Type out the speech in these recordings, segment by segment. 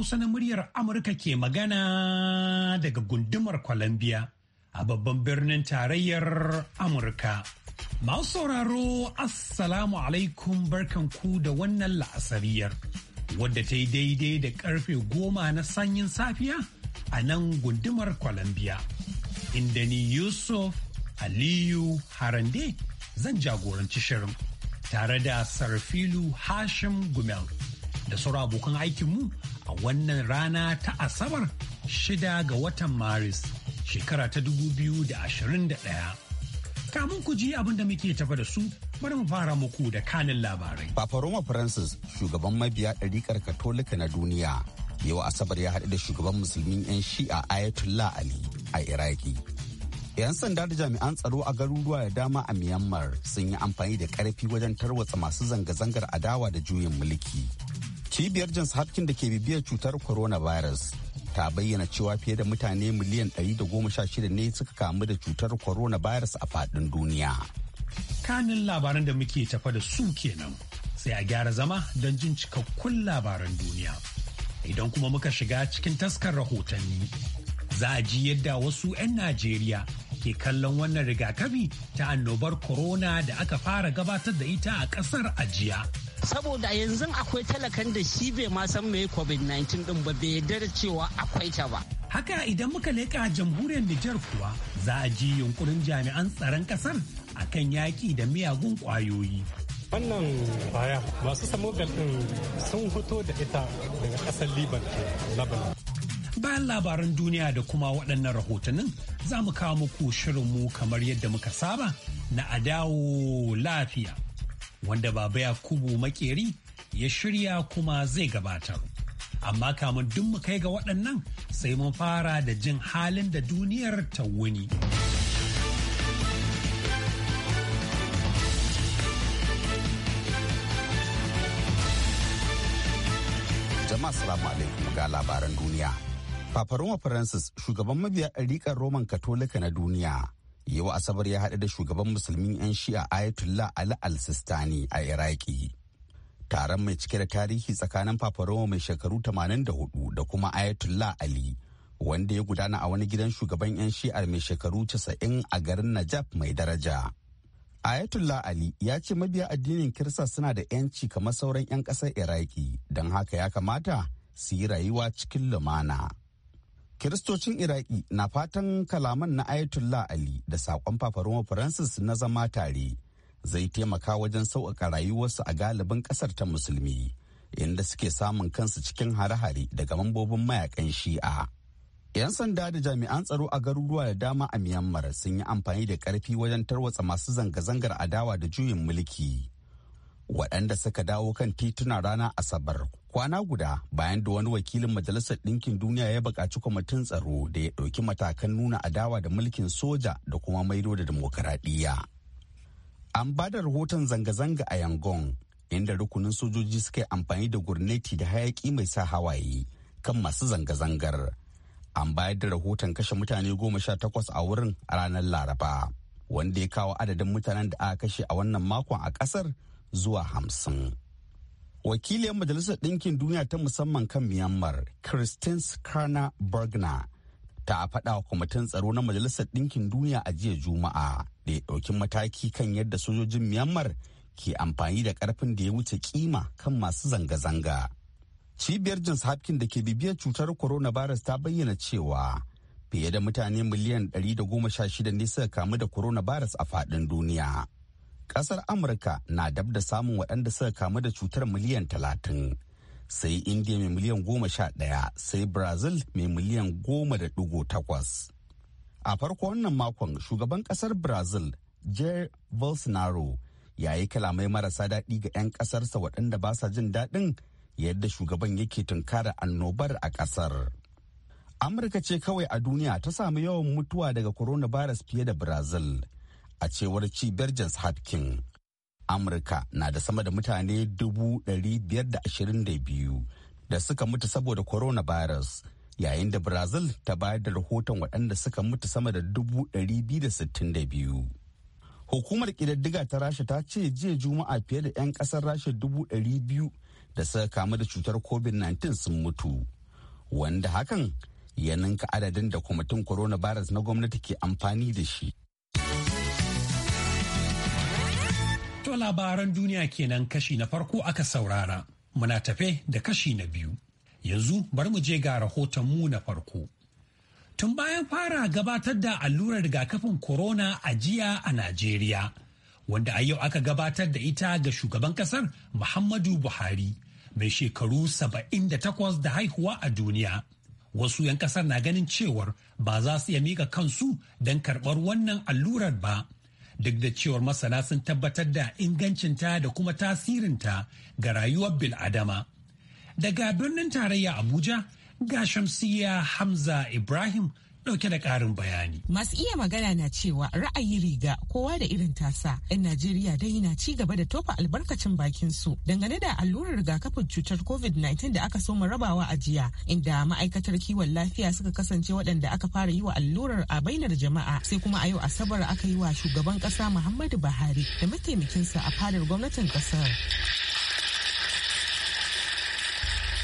Hausa na muryar Amurka ke magana daga gundumar Columbia a babban birnin tarayyar Amurka. Masu sauraro Assalamu alaikum barkanku da wannan la'asariyar wadda ta yi daidai da karfe goma na sanyin safiya a nan gundumar Columbia. Inda ni Yusuf Aliyu Harande zan jagoranci shirin tare da Sarfilu Hashim Gumel da sauran abokan aikinmu a wannan rana ta Asabar shida ga watan Maris shekara ta dubu biyu da 2021. Kamun ku ji abin da muke tafa da su bari mu fara muku da kanin labarai. Papa Roma Francis shugaban mabiya ɗarikar Katolika na duniya yau Asabar ya haɗu da shugaban musulmin 'yan shi'a Ayatollah Ali a Iraki. 'Yan sanda da jami'an tsaro a garuruwa da dama a Myanmar sun yi amfani da ƙarfi wajen tarwatsa masu zanga-zangar adawa da juyin mulki. cibiyar johns hopkins da ke bibiyar cutar coronavirus ta bayyana cewa fiye da mutane miliyan 116 ne suka kamu da cutar coronavirus a fadin duniya kanin labaran da muke tafa da su kenan sai a gyara zama don jin cikakkun labaran duniya idan kuma muka shiga cikin taskar rahotanni za a ji yadda wasu 'yan najeriya ke kallon wannan rigakafi ta annobar corona da aka fara gabatar da ita a kasar ajiya saboda yanzu akwai talakan da shi bai ma san mai covid-19 din ba bai yarda cewa akwai ta ba haka idan muka leƙa jamhuriyar nijar kuwa za a ji yunkurin jami'an tsaron kasar akan yaki da miyagun kwayoyi wannan baya masu samogal din sun fito da ita daga kasar liban lebanon bayan labaran duniya da kuma waɗannan rahotannin za mu kawo muku shirin mu kamar yadda muka saba na adawo lafiya wanda Baba Yakubu Makeri ya shirya kuma zai gabatar. Amma kamun duk mu kai ga waɗannan sai mun fara da jin halin da duniyar ta wuni. Jama'a salamu alaikum ga labaran duniya. Papa Roma Francis shugaban mabiya ɗariƙar Roman Katolika na duniya yau asabar ya haɗu da shugaban musulmin 'yan shi'a ayatollah ali al-sistani a iraki taron mai cike da tarihi tsakanin paparoma mai shekaru 84 da kuma ayatollah ali wanda ya gudana a wani gidan shugaban 'yan shi'ar mai shekaru 90 a garin najaf mai daraja ayatollah ali ya ce mabiya addinin kirsa suna da 'yanci kamar sauran 'yan ƙasar iraki don haka ya kamata su yi rayuwa cikin lumana kiristocin iraki na fatan kalaman na ayatollah ali da saƙon fafaroma francis na zama tare zai taimaka wajen sauƙaƙa rayuwarsu a galibin ƙasar ta musulmi inda suke samun kansu cikin hare-hare daga mambobin mayakan shi'a 'yan sanda da jami'an tsaro a garuruwa da dama a myanmar sun yi amfani da ƙarfi wajen tarwatsa masu zanga-zangar adawa da juyin mulki waɗanda suka dawo kan tituna rana asabar kwana guda bayan da wani wakilin majalisar ɗinkin duniya ya buƙaci kwamitin tsaro da ya ɗauki matakan nuna adawa da mulkin soja da kuma maido da demokaradiyya. an ba da rahoton zanga-zanga a yangon inda rukunin sojoji suka yi amfani da gurneti da hayaƙi mai sa hawaye kan masu zanga-zangar an bayar da rahoton kashe mutane goma sha takwas a wurin a ranar laraba wanda ya kawo adadin mutanen da aka kashe a wannan makon a ƙasar zuwa hamsin. wakiliyar majalisar ɗinkin duniya ta musamman kan myanmar christine skarna bergner ta faɗa wa kwamitin tsaro na majalisar ɗinkin duniya a jiya juma'a da ya ɗauki mataki kan yadda sojojin myanmar ke amfani da ƙarfin da ya wuce kima kan masu zanga-zanga cibiyar jins hafkin da ke bibiyar cutar coronavirus ta bayyana cewa fiye da mutane miliyan 116 ne suka kamu da coronavirus a faɗin duniya. kasar amurka na dab da samun waɗanda suka kamu da cutar miliyan talatin sai india mai miliyan goma sha ɗaya sai brazil mai miliyan goma da ɗigo takwas a farko wannan makon shugaban kasar brazil jair bolsonaro ya yi kalamai marasa daɗi ga 'yan ƙasarsa waɗanda ba sa jin daɗin yadda shugaban yake tunkara annobar a ƙasar amurka ce kawai a duniya ta samu yawan mutuwa daga coronavirus fiye da brazil a cewar cibiyar Johns Hopkins. Amurka na da sama da mutane 522 da suka mutu saboda coronavirus yayin da Brazil ta bayar da rahoton waɗanda suka mutu sama da 262. Hukumar ƙididdiga ta Rasha ta ce jiya Juma'a fiye da 'yan ƙasar Rasha 200 da suka kamu da cutar COVID-19 sun mutu. Wanda hakan ya ninka adadin da kwamitin coronavirus na gwamnati ke amfani da shi To labaran duniya kenan kashi na farko aka saurara. Muna tafe da kashi na biyu. Yanzu bari mu je ga rahoton mu na farko. Tun bayan fara gabatar da allurar rigakafin corona a jiya a Najeriya, wanda a yau aka gabatar da ita ga shugaban kasar Muhammadu Buhari, mai shekaru 78 da haihuwa a duniya. Wasu 'yan kasar na ganin cewar ba za su iya mika kansu don karɓar wannan allurar ba. duk da cewar masana sun tabbatar da ingancinta da kuma tasirinta ga rayuwar bil'adama. Daga birnin tarayya Abuja ga Shamsiya Hamza Ibrahim dauke da karin bayani. Masu iya magana na cewa ra'ayi riga kowa da irin tasa. 'Yan Najeriya dai na ci gaba da tofa albarkacin bakin su dangane da allurar rigakafin cutar COVID-19 da aka soma rabawa a jiya inda ma'aikatar kiwon lafiya suka kasance waɗanda aka fara yi wa allurar a bainar jama'a sai kuma a yau Asabar aka yi wa shugaban ƙasa Muhammadu Buhari da mataimakinsa a fadar gwamnatin ƙasar.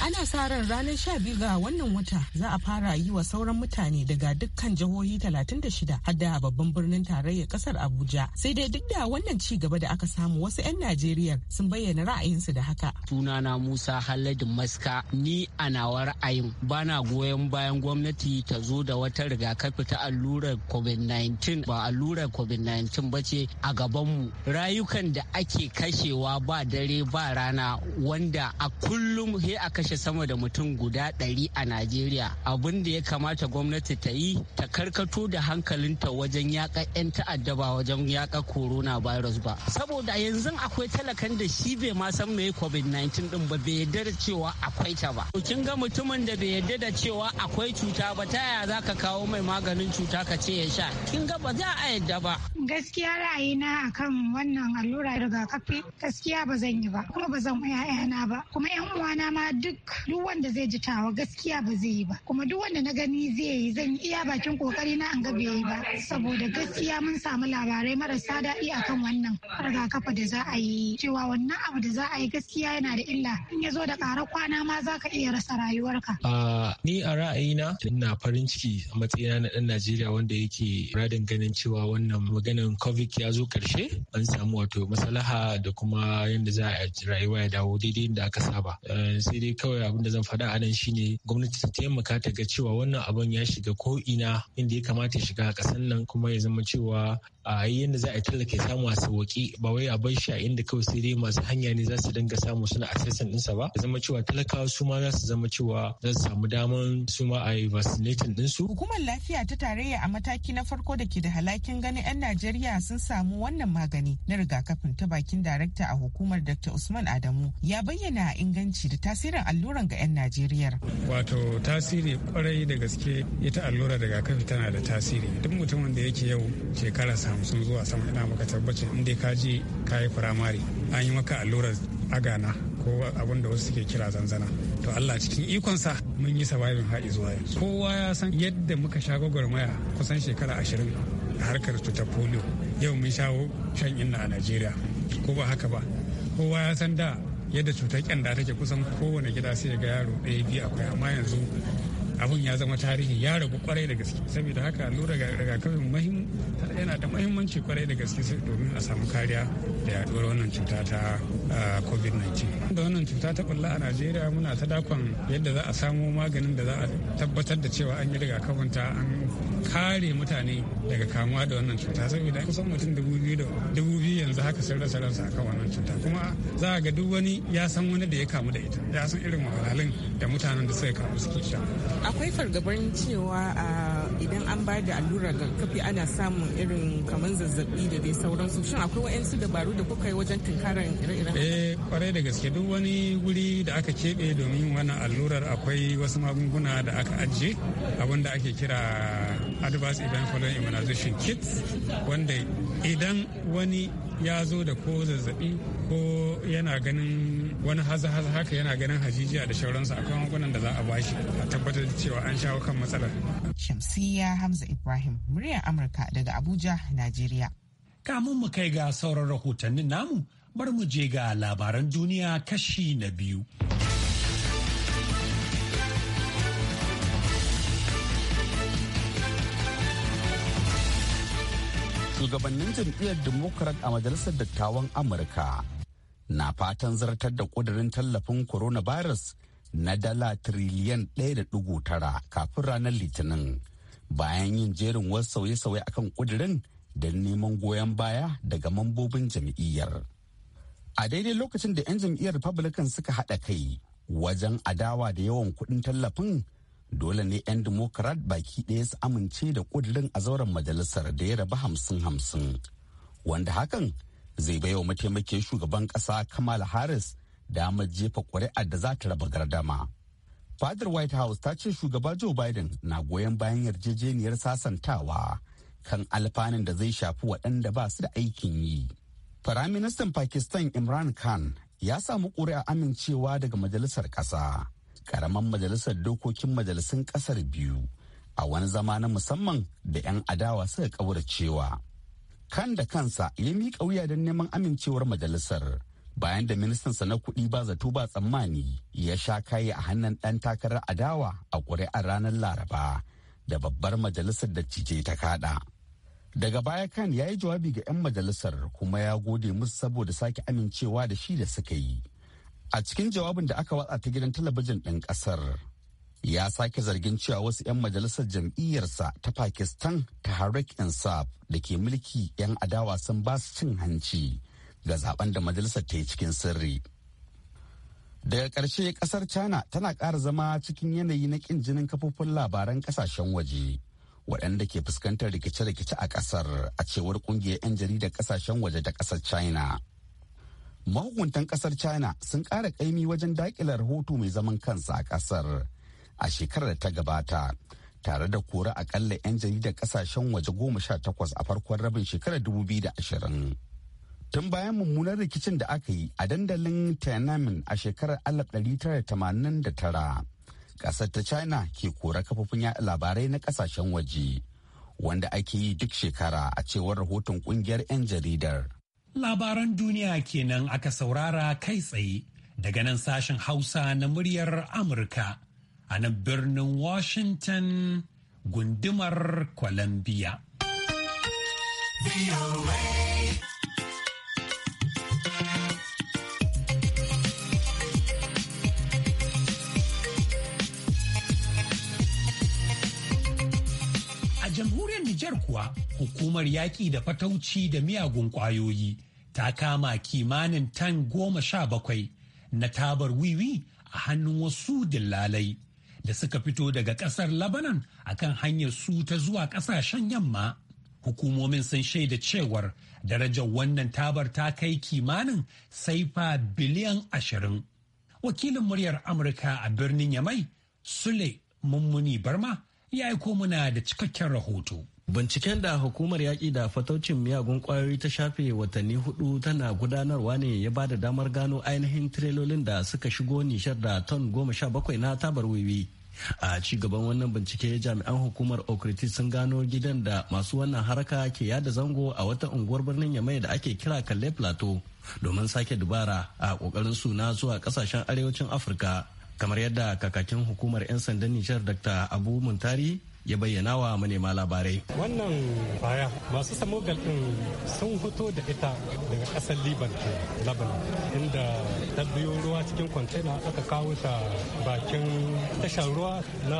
ana sa ran ranar 12 ga wannan wata za a fara yi wa sauran mutane daga dukkan jihohi 36 har da babban birnin tarayyar kasar abuja sai dai duk da wannan ci gaba da aka samu wasu 'yan najeriya sun bayyana ra'ayinsu da haka sunana musa halladin maska ni a nawa ra'ayin bana goyon bayan gwamnati ta zo da wata rigakafi ta allurar covid-19 ba allurar covid-19 ba ce a gabanmu rayukan da ake kashewa ba dare ba rana wanda a kullum he a kashe kashe sama da mutum guda ɗari a najeriya abin da ya kamata gwamnati ta yi ta karkato da hankalinta wajen yaƙa 'yan ta'adda ba wajen yaƙa virus ba saboda yanzu akwai talakan da shi bai ma san mai covid-19 din ba bai yarda da cewa akwai ta ba kin ga mutumin da bai yarda da cewa akwai cuta ba ta yaya za ka kawo mai maganin cuta ka ce ya sha kin ga ba za a yarda ba gaskiya ra'ayina akan wannan allura rigakafi gaskiya ba zan yi ba kuma ba zan 'ya'yana ba kuma 'yan uwana ma duk duk duk wanda zai ji tawa gaskiya ba zai yi ba kuma duk wanda na gani zai yi zan yi iya bakin kokari na an ga bai yi ba saboda gaskiya mun samu labarai marasa daɗi akan wannan rigakafa da za a yi cewa wannan abu da za a yi gaskiya yana da illa in ya zo da ƙara kwana ma za ka iya rasa rayuwarka. ni a ra'ayina ina farin ciki a matsayina na ɗan Najeriya wanda yake radin ganin cewa wannan maganin covid ya zo ƙarshe an samu wato maslaha da kuma yadda za a rayuwa ya dawo daidai da aka saba eh, sai dai kawai abin da zan faɗa a nan shine gwamnati ta taimaka ta ga cewa wannan abin ya shiga ko ina inda ya kamata ya shiga a ƙasar nan kuma ya zama cewa a yi yadda za a tallake samu a sauƙi ba wai a bar shi a inda kawai sai dai masu hanya ne za su dinga samu suna assessment ɗinsa ba ya zama cewa talakawa su ma za su zama cewa za su samu damar su ma a yi vaccinating ɗinsu. Hukumar lafiya ta tarayya a mataki na farko da ke da halakin ganin 'yan Najeriya sun samu wannan magani na rigakafin ta bakin darakta a hukumar Dr. Usman Adamu ya bayyana inganci da tasirin alluran ga 'yan Najeriya. Wato tasiri kwarai da gaske ita allura rigakafi tana da tasiri duk mutumin da yake yau shekara hamsin zuwa sama ina maka tabbacin inda ka je ka yi firamare an yi maka allurar agana ko abin da wasu suke kira zanzana to Allah cikin ikonsa mun yi sababin haɗi zuwa yanzu kowa ya san yadda muka sha gwagwarmaya kusan shekara ashirin a harkar cutar polio yau mun shawo shan inna a Najeriya ko ba haka ba kowa ya san da yadda cutar kyanda take kusan kowane gida sai ga yaro ɗaya biyu akwai amma yanzu abun ya zama tarihi ya ragu kwarai da gaske saboda haka allura rigakafin yana da mahimmanci kwarai da gaske domin a samu kariya da yaduwar wannan cuta ta covid-19 da wannan cuta ta bulla a najeriya muna ta dakon yadda za a samo maganin da za a tabbatar da cewa an yi rigakafin ta an kare mutane daga kamuwa da wannan cuta saboda kusan mutum dubu biyu dubu biyu yanzu haka sun rasa ransa akan wannan cuta kuma za a ga duk wani ya san wani da ya kamu da ita ya san irin wahalhalun da mutanen da suka kamu suke sha akwai fargabar cewa idan an ba da allurar kafi ana samun irin kamar zazzabi da dai sauransu shin akwai wa'yansu dabaru da kuka yi wajen tunkarar ire-iren eh kwarai da gaske duk wani wuri da aka keɓe domin wannan allurar akwai wasu magunguna da aka ajiye abin da ake kira advanced event following immunization kits wanda idan wani ya zo da ko zazzabi ko yana ganin wani haza-haza haka yana ganin hajijiya da shauransu a kan da za a bashi a tabbatar da cewa an shawo kan matsalar. Shamsiyya Hamza Ibrahim, muryar Amurka daga Abuja, Najeriya. Kamun mu kai ga sauran rahotannin namu, bar mu je ga labaran duniya kashi na biyu. shugabannin jam'iyyar democrat a majalisar dattawan amurka na fatan zartar da kudirin tallafin coronavirus na dala triliyan 1.9 kafin ranar litinin bayan yin jerin wasu sauye-sauye akan kudirin da neman goyon baya daga mambobin jam'iyyar a daidai lokacin da 'yan jam'iyyar republican suka haɗa kai wajen adawa da yawan kuɗin tallafin dole ne 'yan democrat baki ɗaya su amince da ƙudurin a zauren majalisar da ya raba hamsin hamsin wanda hakan zai baiwa mataimakin shugaban ƙasa kamal harris damar jefa ƙuri'ar da za ta raba gardama fadar white house ta ce shugaba joe biden na goyon bayan yarjejeniyar sasantawa kan alfanun da zai shafi waɗanda ba su da aikin yi firaministan pakistan imran khan ya samu ƙuri'a amincewa daga majalisar ƙasa karaman majalisar dokokin majalisun kasar biyu a wani zama na musamman da 'yan adawa suka cewa. kan da kansa ya miƙa wuya don neman amincewar majalisar bayan da ministansa na kuɗi ba zato ba tsammani ya sha kayi a hannun ɗan takarar adawa a ƙuri'ar ranar laraba da babbar majalisar da cije ta kaɗa. daga baya kan ya yi jawabi ga 'yan majalisar kuma ya gode musu saboda sake amincewa da shi da suka yi a cikin jawabin da aka watsa ta gidan talabijin ɗin ƙasar ya sake zargin cewa wasu 'yan majalisar jam'iyyarsa ta pakistan ta harik insaf da ke mulki 'yan adawa sun ba su cin hanci ga zaben da majalisar ta yi cikin sirri daga ƙarshe ƙasar china tana ƙara zama cikin yanayi na ƙin jinin kafofin labaran ƙasashen waje waɗanda ke fuskantar rikice-rikice a ƙasar a cewar ƙungiyar 'yan jaridar ƙasashen waje da ƙasar china. mahukuntan kasar china sun kara kaimi wajen daƙila rahoto mai zaman kansa a kasar. a shekarar ta gabata tare da kora akalla 'yan jaridar kasashen waje goma sha takwas a farkon rabin shekarar ashirin. tun bayan mummunar rikicin da aka yi a dandalin tiananmen a shekarar 1989 ƙasar ta china ke kora kafofin yaɗa labarai na kasashen waje wanda ake yi duk shekara a cewar rahoton ƙungiyar 'yan jaridar Labaran duniya kenan aka saurara kai tsaye daga nan sashen Hausa na muryar Amurka a nan birnin Washington gundumar Columbia. jamhuriyar Nijar kuwa hukumar yaƙi da fatauci da miyagun ƙwayoyi ta kama kimanin tan goma sha bakwai na tabar wiwi a hannun wasu dillalai da suka fito daga kasar Lebanon kan hanyar su ta zuwa kasashen yamma. Hukumomin sun shaida cewar darajar wannan tabar ta kai kimanin saifa biliyan ashirin. Wakilin muryar Amurka a birnin Yamai, Sule Mummuni Barma, ya aiko muna da cikakken rahoto. Binciken da hukumar yaƙi da fataucin miyagun ƙwayoyi ta shafe watanni hudu tana gudanarwa ne ya ba da damar gano ainihin trelolin da suka shigo nishar da ton goma sha bakwai na tabar wiwi. A ci gaban wannan bincike jami'an hukumar Okriti sun gano gidan da masu wannan haraka ke yada zango a wata unguwar birnin Yamai da ake kira Kalle Plateau domin sake dubara a kokarin suna zuwa ƙasashen arewacin Afirka. Kamar yadda kakakin hukumar 'yan sandan Nijar Dr. Abu Muntari ya bayyana wa manema labarai. Wannan baya masu samogal ɗin sun fito da ita daga kasar Liban Lebanon inda ta biyo ruwa cikin kwantena aka kawo ta bakin tashar ruwa na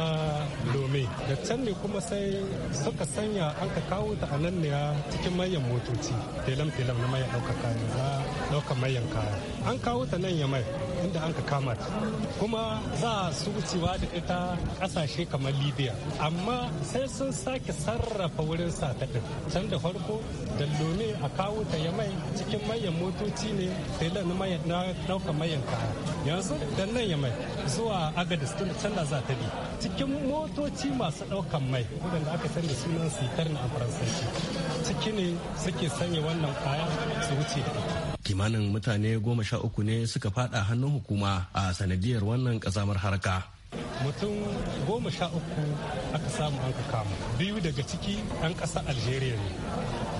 Lome. Da can ne kuma sai suka sanya an ka kawo ta a nan ne cikin mayan motoci telam-telam na mayan ɗaukar kaya na ɗaukar mayan kaya. An kawo ta nan ya mai inda an ka kama ta kuma za su wucewa da ita kasashe kamar libya amma sai sun sake sarrafa wurin satadin can da farko dallome a kawo ta ya mai cikin mayan motoci ne tela na ɗaukar mayan kaya yanzu dan nan ya mai zuwa agadis tun can da za ta bi cikin motoci masu ɗaukan mai wadanda aka sani sunan sitar na a faransanci ciki ne suke sanya wannan kaya su wuce da ita kimanin mutane goma sha uku ne suka fada hannun hukuma a sanadiyar wannan kazamar harka mutum goma sha uku aka samu an kama biyu daga ciki ɗan ƙasa algeria ne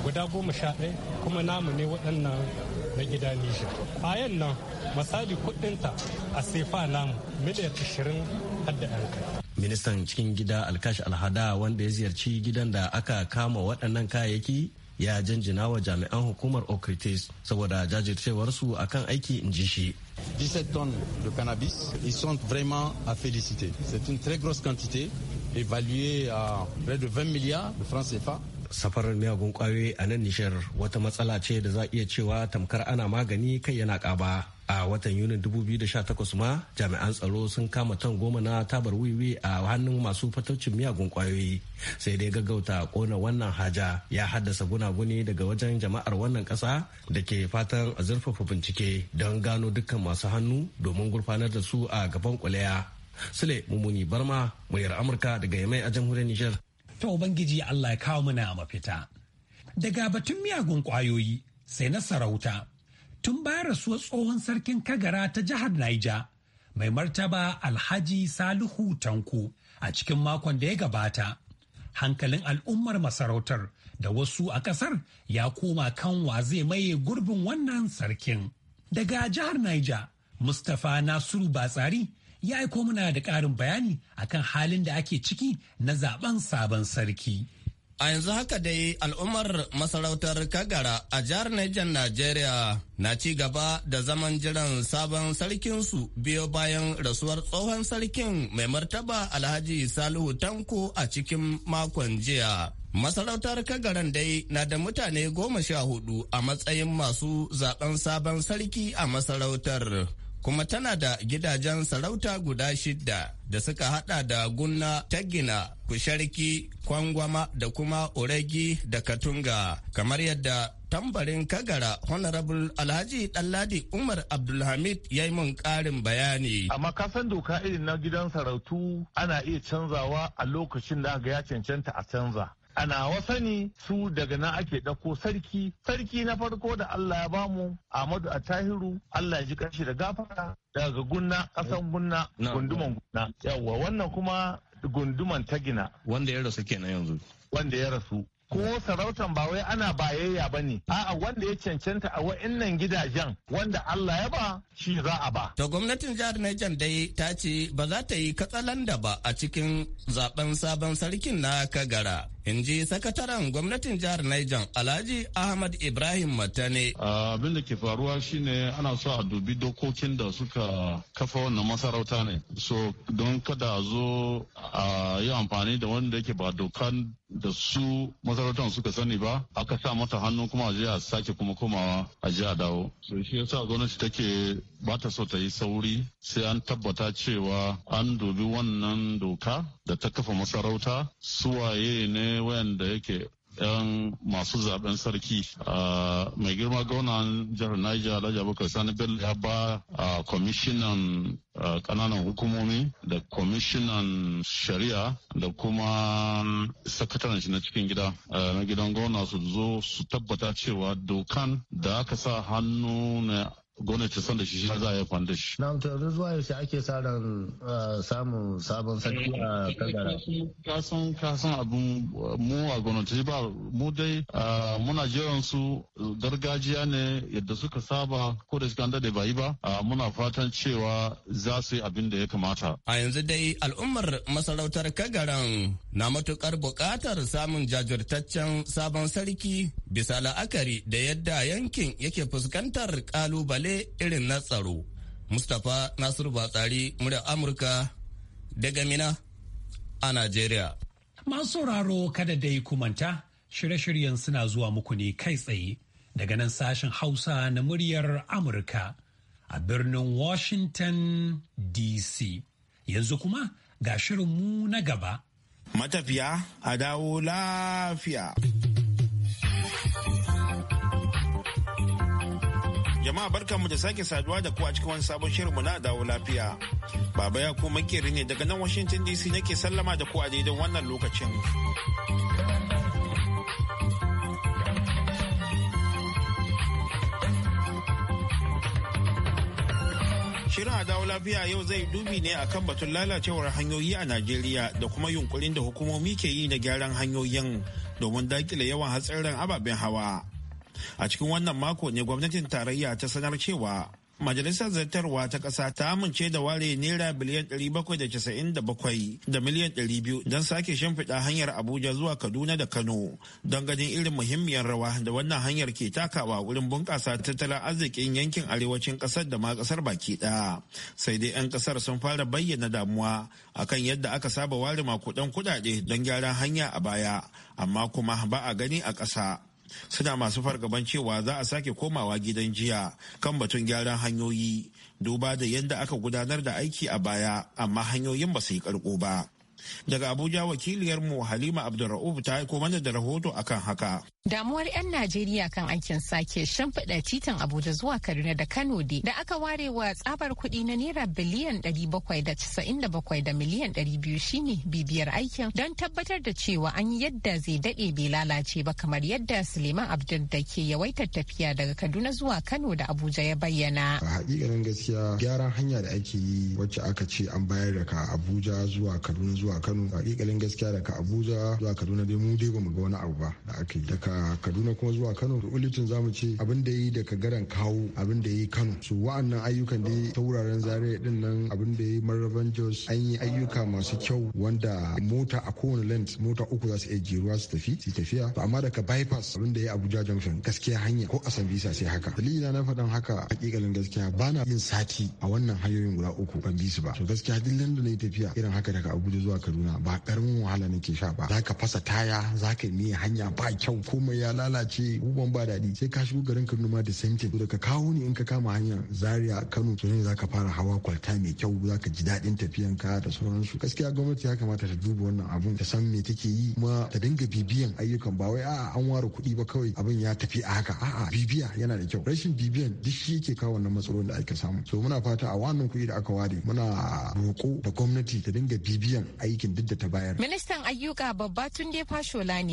guda goma sha ɗaya kuma namu ne waɗannan na gida nisha. bayan nan misali kuɗinta a sefa namu miliyan ashirin hadda ɗan kai ministan cikin gida alkash alhada wanda ya ziyarci gidan da aka kama waɗannan kayayyaki ya janjina wa jami'an hukumar ocritis saboda jajircewar jajircewarsu akan aiki in ji shi 17 tonnes de cannabis, ils sont vraiment à féliciter. C'est une très grosse quantité, évaluée à près de 20 milliards de francs CFA. safarar miyagun kwayoyi a nan nishar wata matsala ce da za iya cewa tamkar ana magani kai yana kaba. a watan yunin 2018 ma jami'an tsaro sun kama tan goma na tabar wiwi a hannun masu fataucin miyagun kwayoyi sai dai gaggauta kona wannan haja ya haddasa gunaguni daga wajen jama'ar wannan kasa da ke fatan a zurfafa bincike don gano dukkan masu hannu domin gurfanar da su a gaban kwalaya sule mummuni barma muryar amurka daga yamai a jamhuriyar nijar ta ubangiji allah ya kawo mana mafita daga batun miyagun kwayoyi sai na sarauta tun bayan rasuwar tsohon sarkin kagara ta jihar Naija mai martaba Alhaji Salihu Tanko a cikin makon da ya gabata. Hankalin al'ummar masarautar da wasu a ƙasar ya koma kan wa zai maye gurbin wannan sarkin. Daga jihar Naija, Mustapha Nasiru Batsari ya aiko muna da ƙarin bayani akan halin da ake ciki na zaben sabon sarki. A yanzu haka dai al'ummar masarautar Kagara a jihar Niger Najeriya na ci gaba da zaman jiran sabon sarkinsu biyo bayan rasuwar tsohon sarkin mai martaba Alhaji Salihu Tanko a cikin makon jiya. Masarautar Kagaran dai na da mutane goma sha hudu a matsayin masu zaben sabon sarki a masarautar. kuma tana da gidajen sarauta guda shidda da suka hada da gunna tagina kusharki kwangwama da kuma Uragi da katunga kamar yadda tambarin kagara honorable alhaji ɗanladi umar abdulhamid ya yi mun ƙarin bayani amma ka san doka irin na gidan sarautu ana iya canzawa a lokacin da aka ya cancanta a canza ana sani su daga nan ake ɗauko sarki sarki na farko da Allah ya bamu Ahmadu a tahiru Allah ya ji da gafara daga gunna ƙasan gunna gunduman gunna yawwa wannan kuma gunduman ta gina wanda ya rasu kenan yanzu wanda ya rasu ko sarautan ba wai ana bayayya ba ne a'a wanda ya cancanta a wa'innan gidajen wanda Allah ya ba shi za a ba. To gwamnatin jihar Niger dai ta ce ba za ta yi katsalanda ba a cikin zaben sabon sarkin na Kagara. in ji sakataren gwamnatin jihar Niger Alhaji Ahmad Ibrahim Matane. Abin da ke faruwa shine ana so a dubi dokokin da suka kafa wannan masarauta ne. So don kada a zo a yi amfani da wanda yake ba dokan da su masarautar suka sani ba aka sa mata hannu kuma a je a sake kuma komawa a je a dawo. So shi yasa gwamnati take ba ta so ta yi sauri sai an tabbata cewa an dubi wannan doka da ta kafa masarauta suwaye ne wayanda yake 'yan masu zaben sarki mai girma gwamnan jihar Niger Alhaji Abubakar Sani Bello ya ba a kwamishinan kananan hukumomi da kwamishinan shari'a da kuma sakataren shi na cikin gida na gidan gwamna su zo su tabbata cewa dokan da aka sa hannu na gwamnati san da shi shi za a yi kwan shi. Na to yanzu zuwa yaushe ake sa ran uh, samun sabon sarki a kagara. Kasan kasan abin mu a gwamnati ba mu dai uh, muna jiran su gargajiya ne yadda suka saba ko da suka da ba yi ba uh, muna fatan cewa za su yi abin da ya kamata. A yanzu dai al'ummar masarautar kagaran na matukar buƙatar samun jajirtaccen sabon sarki bisa la'akari da yadda yankin yake fuskantar ƙalubale kalubale irin na tsaro mustapha nasiru batsari murya amurka daga mina a najeriya masu sauraro kada dai kumanta shirye-shiryen suna zuwa muku ne kai tsaye daga nan sashen hausa na muryar amurka a birnin washington dc yanzu kuma ga shirinmu na gaba matafiya a dawo lafiya Jama'a barka mu da sake saduwa da ku a cikin wani sabon shirinmu na dawo lafiya. Baba ya kuma kere ne daga nan Washington DC nake sallama da ku a daidai wannan lokacin. Shirin a dawo lafiya yau zai dubi ne akan batun lalacewar hanyoyi a Najeriya da kuma yunkurin da hukumomi ke yi na gyaran hanyoyin domin dakile yawan hatsarin ababen hawa. a cikin wannan mako ne gwamnatin tarayya ta sanar cewa Majalisar Zartarwa ta ƙasa ta amince da ware naira biliyan 797 da miliyan 200 don sake shimfiɗa hanyar Abuja zuwa Kaduna da Kano don ganin irin muhimmiyar rawa da wannan hanyar ke takawa wurin bunƙasa tattalin arzikin yankin arewacin ƙasar da ma ƙasar baki ɗaya. Sai dai 'yan ƙasar sun fara bayyana damuwa akan yadda aka saba ware makudan kuɗaɗe don gyaran hanya a baya, amma kuma ba a gani a ƙasa. suna masu fargaban cewa za a sake komawa gidan jiya kan batun gyaran hanyoyi duba da yadda aka gudanar da aiki a baya amma hanyoyin ba su yi karko ba Daga Abuja wakiliyarmu Halima abdulraub ta aiko mana da rahoto akan haka. Damuwar 'yan Najeriya kan aikin sake shimfiɗa titin Abuja zuwa Kaduna da Kano de da aka ware wa tsabar kuɗi na naira biliyan 797 da miliyan 200 shine bibiyar aikin don tabbatar da cewa an yi yadda zai daɗe bai lalace ba kamar yadda Suleiman Abdul da ke yawaitar tafiya daga Kaduna zuwa Kano da Abuja ya bayyana. A hakikanin gaskiya gyaran hanya da ake yi wacce aka ce an bayar da ka Abuja zuwa Kaduna zuwa zuwa kano hakikalin gaskiya daga abuja zuwa kaduna dai mu dai bamu ga wani abu ba da ake daga kaduna kuma zuwa kano da ulitin zamu ce abin da yi daga garan kawo abin da yi kano su wa'annan ayyukan dai ta wuraren zare din nan abin da yi marraban jos an yi ayyuka masu kyau wanda mota a kowane lent mota uku za su iya jeruwa su tafi su tafiya ba amma daga bypass abin da ya abuja junction gaskiya hanya ko asan bisa sai haka dalilina na faɗan haka hakikalin gaskiya bana yin sati a wannan hanyoyin guda uku ban bi su ba to gaskiya duk lendo na yi tafiya irin haka daga abuja zuwa zuwa kaduna ba karamin wahala nake sha ba za ka fasa taya za ka yi hanya ba kyau komai ya lalace uban ba daɗi sai ka shigo garin kaduna ma da sentin da ka kawo ni in ka kama hanyar zaria kano to ne za ka fara hawa kwalta mai kyau za ka ji daɗin tafiyan ka da sauransu gaskiya gwamnati ya kamata ta duba wannan abun ta san me take yi kuma ta dinga bibiyan ayyukan ba wai a'a an ware kuɗi ba kawai abin ya tafi a haka a'a bibiya yana da kyau rashin bibiyan duk shi yake kawo wannan matsalolin da ake samu so muna fata a wannan kuɗi da aka ware muna roƙo da gwamnati ta dinga bibiyan aikin duk da ta bayar. Ministan ayyuka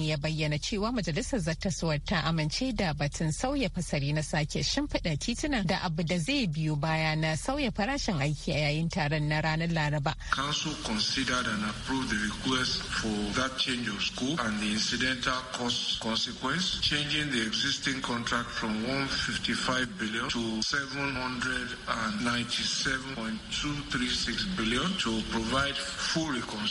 ya bayyana cewa majalisar zattasuwar ta amince da batun sauya fasari na sake shimfiɗa tituna da abu da zai biyo baya na sauya farashin aiki a yayin taron na ranar Laraba. Council considered and approved the request for that change of scope and the incidental cost consequence, changing the existing contract from 155 billion to 797.236 billion to provide full reconciliation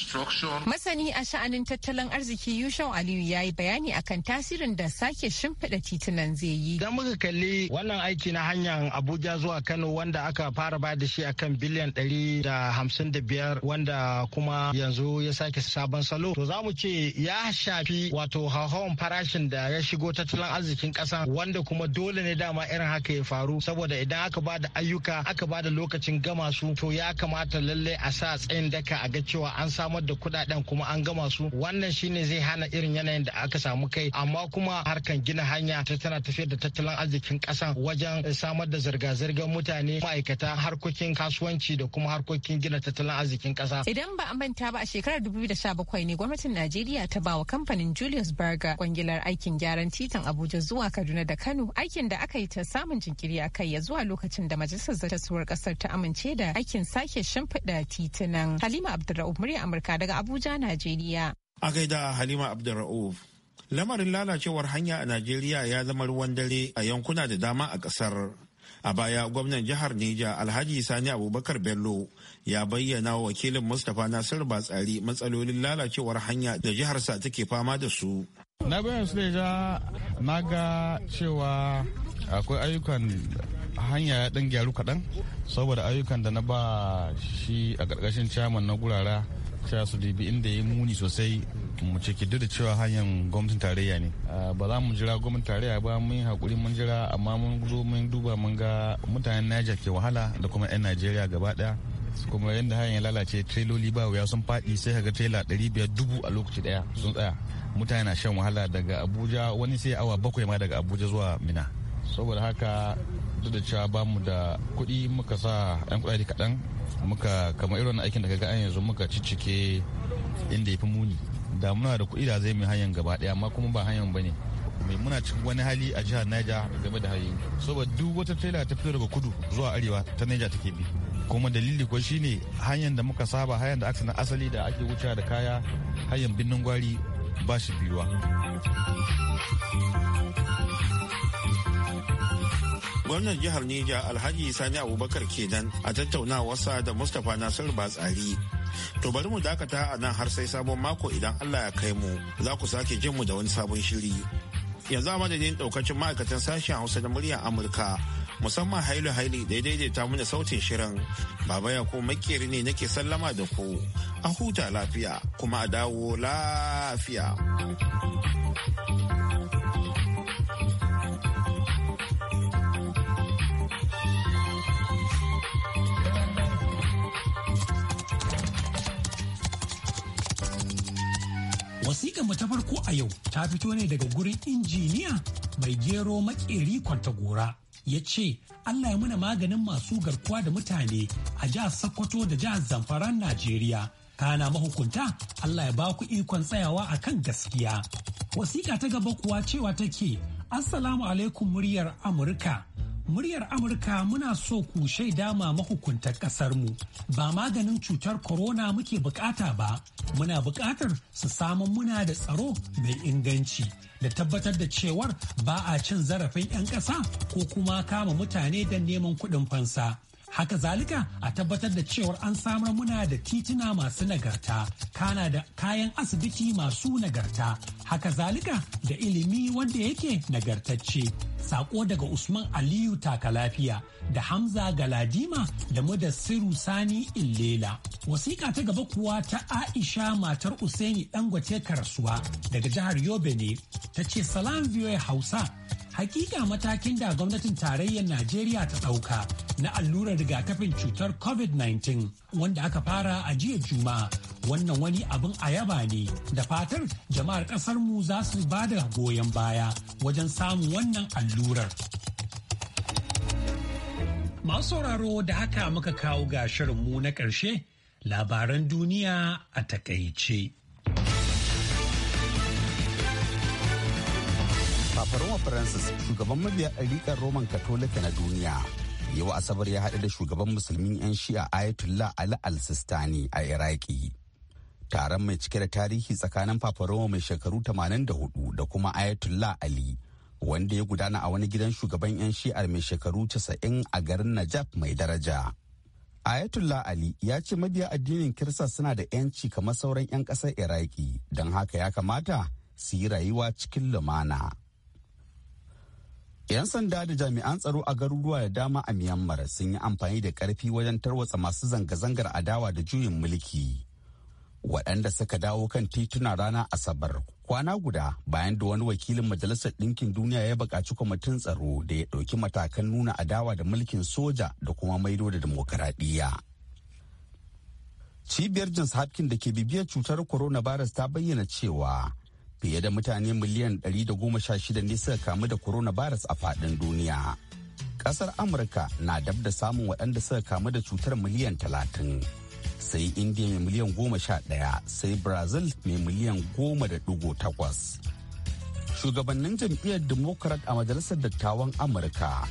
Masani a sha'anin tattalin arziki Yushau Aliyu ya yi bayani akan tasirin da sake shimfiɗa titunan zai yi. Idan muka kalli wannan aiki na hanyar Abuja zuwa Kano wanda aka fara ba da shi akan biliyan ɗari da hamsin da biyar wanda kuma yanzu ya sake sabon salo. To za mu ce ya shafi wato hauhawan farashin da ya shigo tattalin arzikin ƙasa wanda kuma dole ne dama irin haka ya faru saboda idan aka ba da ayyuka aka ba da lokacin gama su to ya kamata lallai a sa tsayin daka a ga cewa an sa samar da kuɗaɗen kuma an gama su wannan shine zai hana irin yanayin da aka samu kai amma kuma harkan gina hanya ta tana tafiyar da tattalin arzikin kasa wajen samar da zirga-zirgar mutane ma'aikata harkokin kasuwanci da kuma harkokin gina tattalin arzikin ƙasa. Idan ba a manta ba a shekarar 2017 ne gwamnatin Najeriya ta ba wa kamfanin Julius Berger kwangilar aikin gyaran titin Abuja zuwa Kaduna da Kano aikin da aka yi ta samun jinkiri a kai ya zuwa lokacin da majalisar zartaswar kasar ta amince da aikin sake shimfiɗa titunan. Halima Abdulrahman murya Amurka daga Abuja, Najeriya. A gaida Halima Abdulra'uf. Lamarin lalacewar hanya a Najeriya ya zama ruwan dare a yankuna da dama a ƙasar. A baya gwamnan jihar Neja Alhaji Sani Abubakar Bello ya bayyana wa wakilin Mustapha nasiru Batsari matsalolin lalacewar hanya da jiharsa take fama da su. Na bayan su Neja na ga cewa akwai ayyukan hanya ya dan gyaru kaɗan saboda ayyukan da na ba shi a ƙarƙashin chairman na gurara cewa su dibi inda ya muni sosai mu ce ki da cewa hanyar gwamnatin tarayya ne ba za mu jira gwamnatin tarayya ba mun yi hakuri mun jira amma mun zo mun duba mun ga mutanen Niger ke wahala da kuma 'yan Najeriya gaba daya kuma yadda hanyar ya lalace trailoli ba wuya sun faɗi sai kaga trela biyar dubu a lokaci daya sun tsaya mutane na shan wahala daga abuja wani sai awa bakwai ma daga abuja zuwa mina saboda haka duk da cewa ba mu da kuɗi muka sa 'yan kuɗaɗe kaɗan muka kama irin aikin da kaga an yanzu muka ciccike inda ya fi muni da muna da kuɗi da zai mai hanyar gaba ɗaya amma kuma ba hanyar ba ne mai muna cikin wani hali a jihar naija game da hali saboda duk wata tela ta fito daga kudu zuwa arewa ta naija take bi kuma dalili shi shine hanyar da muka saba hanyar da aka na asali da ake wuce da kaya hanyar binnin gwari ba shi biyuwa Gwamnan jihar Neja Alhaji Sani Abubakar kenan a tattaunawarsa da Mustapha Nasir Batsari. To bari mu dakata a nan har sai sabon mako idan Allah ya kai mu za ku sake jin mu da wani sabon shiri. Yanzu a madadin daukacin ma'aikatan sashen Hausa na muryar Amurka musamman hailu haili da ya daidaita mana sautin shirin baba ya ko makeri ne nake sallama da ku a huta lafiya kuma a dawo lafiya. Wasiƙa mu ta farko a yau ta fito ne daga gurin injiniya mai gero makeri kwantagora. Ya ce, Allah ya muna maganin masu garkuwa da mutane a jihar Sokoto da jihar Zamfaran Najeriya. Kana mahukunta, Allah ya ba ku ikon tsayawa a kan gaskiya. Wasiƙa ta gaba kuwa cewa take, Assalamu alaikum muryar Amurka. Muryar Amurka muna so ku shaida ma mahukuntar ƙasarmu ba maganin cutar corona muke bukata ba, muna bukatar su samun muna da tsaro mai inganci da tabbatar da cewar ba a cin zarafin 'yan ƙasa ko kuma kama mutane don neman kuɗin fansa. Haka zalika a tabbatar da cewar an samar muna da tituna masu nagarta, kana da kayan asibiti masu nagarta, haka zalika da ilimi wanda yake nagartacce. Sako daga Usman Aliyu Takalafiya da Hamza Galadima da Mudassiru Sani Illela. Wasiƙa ta gaba kuwa ta Aisha matar Usaini Dangote Karasuwa daga jihar Yobe ne ta ce Salam Hausa Hakika matakin da gwamnatin tarayyar Najeriya ta ɗauka na allurar rigakafin cutar COVID-19 wanda aka fara a jiya Juma'a wannan wani abin ayaba ne da fatar jama'ar ƙasarmu za su ba da goyon baya wajen samun wannan allurar. Masu sauraro da haka muka kawo ga mu na ƙarshe labaran duniya a takaice. Roma Francis shugaban mabiya ɗariƙar Roman Katolika na duniya. Yau Asabar ya haɗu da shugaban musulmin 'yan shi'a Ayatollah Ali Al-Sistani a Iraki. Taron mai cike da tarihi tsakanin Papa Roma mai shekaru 84 da kuma Ayatollah Ali wanda ya gudana a wani gidan shugaban 'yan shi'ar mai shekaru 90 a garin Najaf mai daraja. ayatullah Ali ya ce mabiya addinin Kirista suna da 'yanci kamar sauran 'yan ƙasar Iraki don haka ya kamata su yi rayuwa cikin lumana. 'Yan sanda da jami'an tsaro a garuruwa da dama a Myanmar sun yi amfani da karfi wajen tarwatsa masu zanga-zangar adawa da juyin mulki. Waɗanda suka dawo kan tituna rana Asabar kwana guda bayan da wani wakilin Majalisar Ɗinkin Duniya ya buƙaci kwamitin tsaro da ya ɗauki matakan nuna adawa da mulkin soja da kuma maido da dimokuraɗiyya. Cibiyar Johns Hopkins da ke bibiyar cutar coronavirus ta bayyana cewa fiye da mutane miliyan 116 ne suka kamu da corona coronavirus a fadin duniya. kasar Amurka na dab da samun waɗanda suka kamu da cutar miliyan 30. Sai India mai miliyan 11 sai Brazil mai miliyan 10.8. Shugabannin jam'iyyar Democrat a Majalisar Dattawan Amurka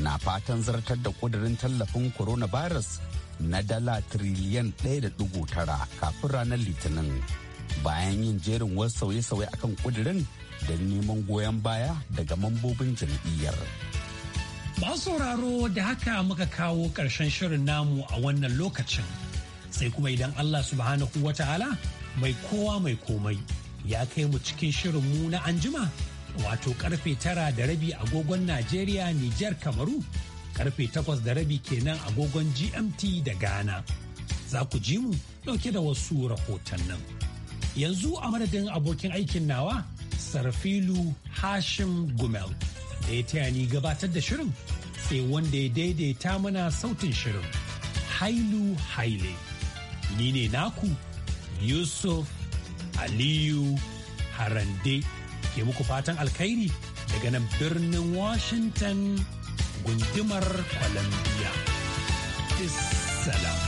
na fatan zartar da kudirin tallafin coronavirus na dala tiriliyan 1.9 kafin ranar Litinin. bayan yin jerin wasu sauye-sauye akan kudirin don neman goyon baya daga mambobin jam'iyyar. Masu sauraro da haka muka kawo ƙarshen shirin namu a wannan lokacin sai kuma idan Allah subhanahu wa ta'ala mai kowa mai komai ya kai mu cikin shirin mu na anjima wato karfe tara da rabi agogon Najeriya Nijar Kamaru karfe takwas da rabi kenan agogon GMT da Ghana. Za ku ji mu ɗauke da wasu rahoton nan. yanzu a madadin abokin aikin nawa sarfilu hashim gumel da ya taya ni gabatar da shirin sai wanda ya daidaita mana sautin shirin hailu haile ni ne naku yusuf aliyu harande ke muku fatan alkhairi daga nan birnin washington gundumar columbia salam